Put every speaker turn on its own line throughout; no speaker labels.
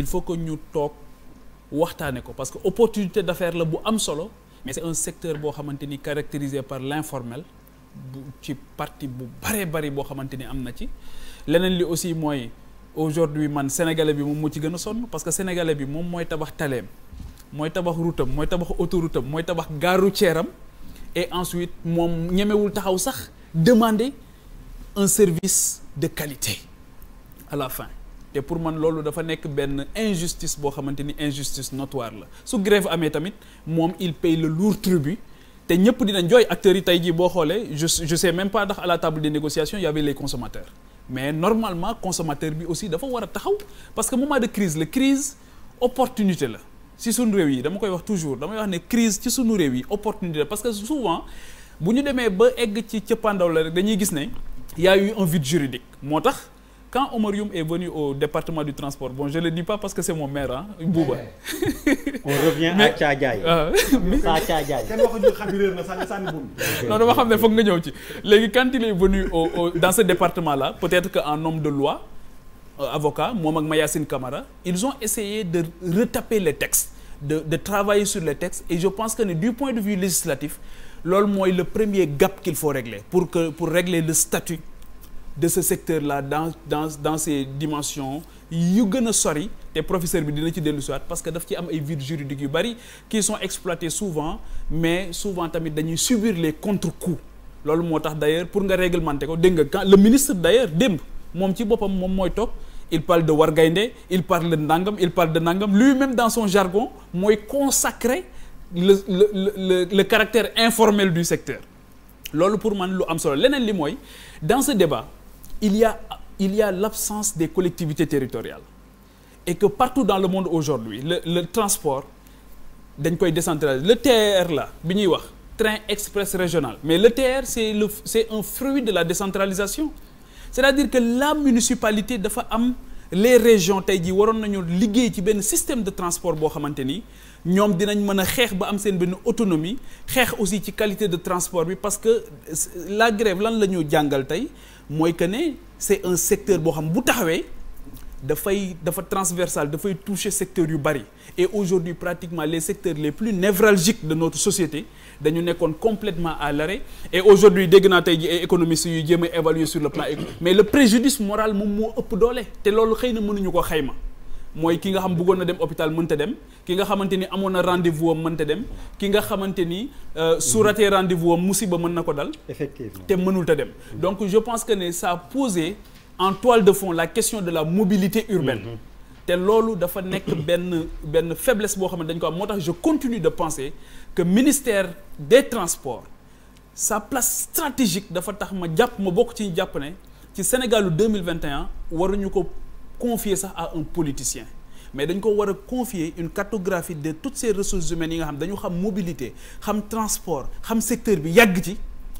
il faut que ñu toog waxtaane ko parce que opportunité d'affaires la bu am solo mais c'est un secteur boo xamante ni caractérisé par l'informel bu ci parti bu baree bari boo xamante ni am na ci leneen li aussi mooy aujourd'hui man sénégalais bi moom moo ci gën a sonn parce que sénégalais bi moom mooy tabax taleem mooy tabax route mooy tabax autoroute am mooy tabax gare ceeram am et ensuite moom ñemewul taxaw sax demander un service de qualité à la fin te pour man loolu dafa nekk benn injustice boo xamante ni injustice notoire la su grève amee tamit moom il paye le lourd bi te ñëpp dinañ jooy acteur yi tey jii boo xoolee je je sais même pas ndax à la table des négociations y mais normalement consommateur bi aussi dafa war a taxaw parce que moment de crise la crise opportunité la ci suñu réew yi dama koy wax toujours damay wax crise ci suñu réew yi opportunité la parce souvent bu ñu demee ba egg ci cëppaandaw la dañuy gis ne y a eu un vide juridique moo tax quand Omar Youm est venu au département du transport bon je le dis pas parce que c'est mon maire ah Bouba. on revient à Thiadiaye. saa Thiadiaye. kenn waxuñu xabiréer na sànni sànni bul. non dama xam ne foog nga ñëw ci léegi quand il est venu au au dans ce département là peut-être que en homme de loi euh, avocat moom ak Mayacine Camara ils ont essayé de retaper les textes de de travailler sur les textes et je pense que ne du point de vue législatif loolu mooy le premier gap qu'il faut régler pour que pour régler le statut. de ce secteur-là dans dans dans ces dimensions yu gën a sori te professeur bi dina ci dellu siwaat parce que daf ci am ay vides juridiques yu bari qui sont exploités souvent mais souvent tamit dañuy subir les contre-coups loolu moo tax d'ailleurs pour nga réglementer ko dégg nga quand le ministre d'ailleurs démb moom ci boppam moom mooy toog il parle de wargaynde il parle de ndangam il parle de nangam lui-même dans son jargon mooy consacrer le le le le caractère informel du secteur loolu pour man lu am solo leneen li mooy dans ce débat il y a il l'absence des collectivités territoriales et que partout dans le monde aujourd'hui le le transport dañ koy décentraliser le TER là bi ñuy wax train express régional mais le TER c'est le c'est un fruit de la décentralisation c'est-à-dire que la municipalité dafa am les région tey jii waroon nañu liggéey ci benn système de transport boo xamante ni ñoom dinañ mën a xeex ba am seen benn autonomie xeex aussi ci qualité de transport bi parce que la grève lan la ñu jàngal tey mooy que ne c'est un secteur boo xam bu taxawee dafay dafa transversal dafay toucher secteurs yu bari et aujourd'hui pratiquement les secteurs les plus névralgiques de notre société dañu nekkoon complètement à l'arrêt et aujourd'hui dégg naa tey ji ay économistes jéem a évaluer sur le plan mais le préjudice moral moom moo ëpp doole te loolu xëy na mënuñu ko xayma mooy ki nga xam bëggoon na dem hôpital mënta dem ki nga xamante ni amoon na rendez-vous am mënta dem ki nga xamante ni euh, su ratee rendez-vous am musiba mën na ko dal effectivement te mënul ta dem donc je pense que ne ça posé en toile de fond la question de la mobilité urbaine. Mm-hmm. te loolu dafa nekk benn benn faiblesse boo xam ne dañ ko am moo tax je continue de penser que ministère des transport sa place stratégique dafa tax ma jàpp ma bokk ci jàpp ne ci Sénégalu 2021 waruñu ko confier sax à un politicien mais dañ ko war a confier une cartographie de toutes ces ressources humaines yi nga xam dañu xam mobilité xam transport xam secteur bi yàgg ci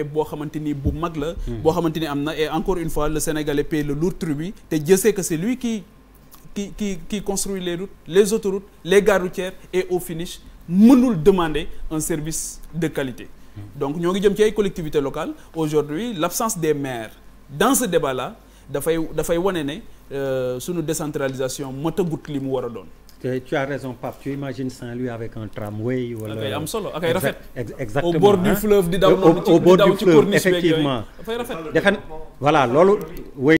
jafe boo xamante ni bu mag la hmm. boo xamante ni am na et encore une fois le Sénégalais paie le lourd tribut te Dieu sait que luy lui qui qui qui qui construit les routes les autoroutes et au finish mënul demander un service de qualité hmm. donc ñoo ngi jëm ci ay collectivités locales aujourd'hui l'absence des maires dans ce débat là dafay dafay wane ne euh, sunu décentralisation motagut li mu war a doon tu a raison Pape tu imagines Saint-Louis avec un tramway. wala am solo ak ay au bord du fleuve di daw. au bord du fleuve effectivement. dafay rafet voilà loolu.